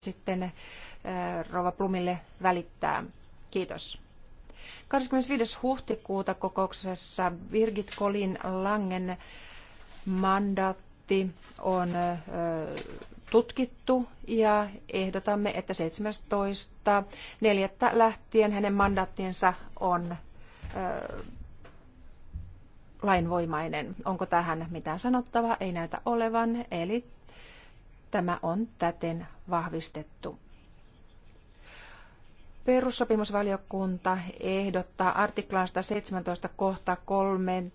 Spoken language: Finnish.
sitten eh, Rova Plumille välittää. Kiitos. 25. huhtikuuta kokouksessa Birgit Kolin Langen mandaatti on eh, tutkittu ja ehdotamme, että 17.4. lähtien hänen mandaattinsa on eh, lainvoimainen. Onko tähän mitään sanottavaa? Ei näytä olevan, eli Tämä on täten vahvistettu. Perussopimusvaliokunta ehdottaa artiklan 117 kohta 3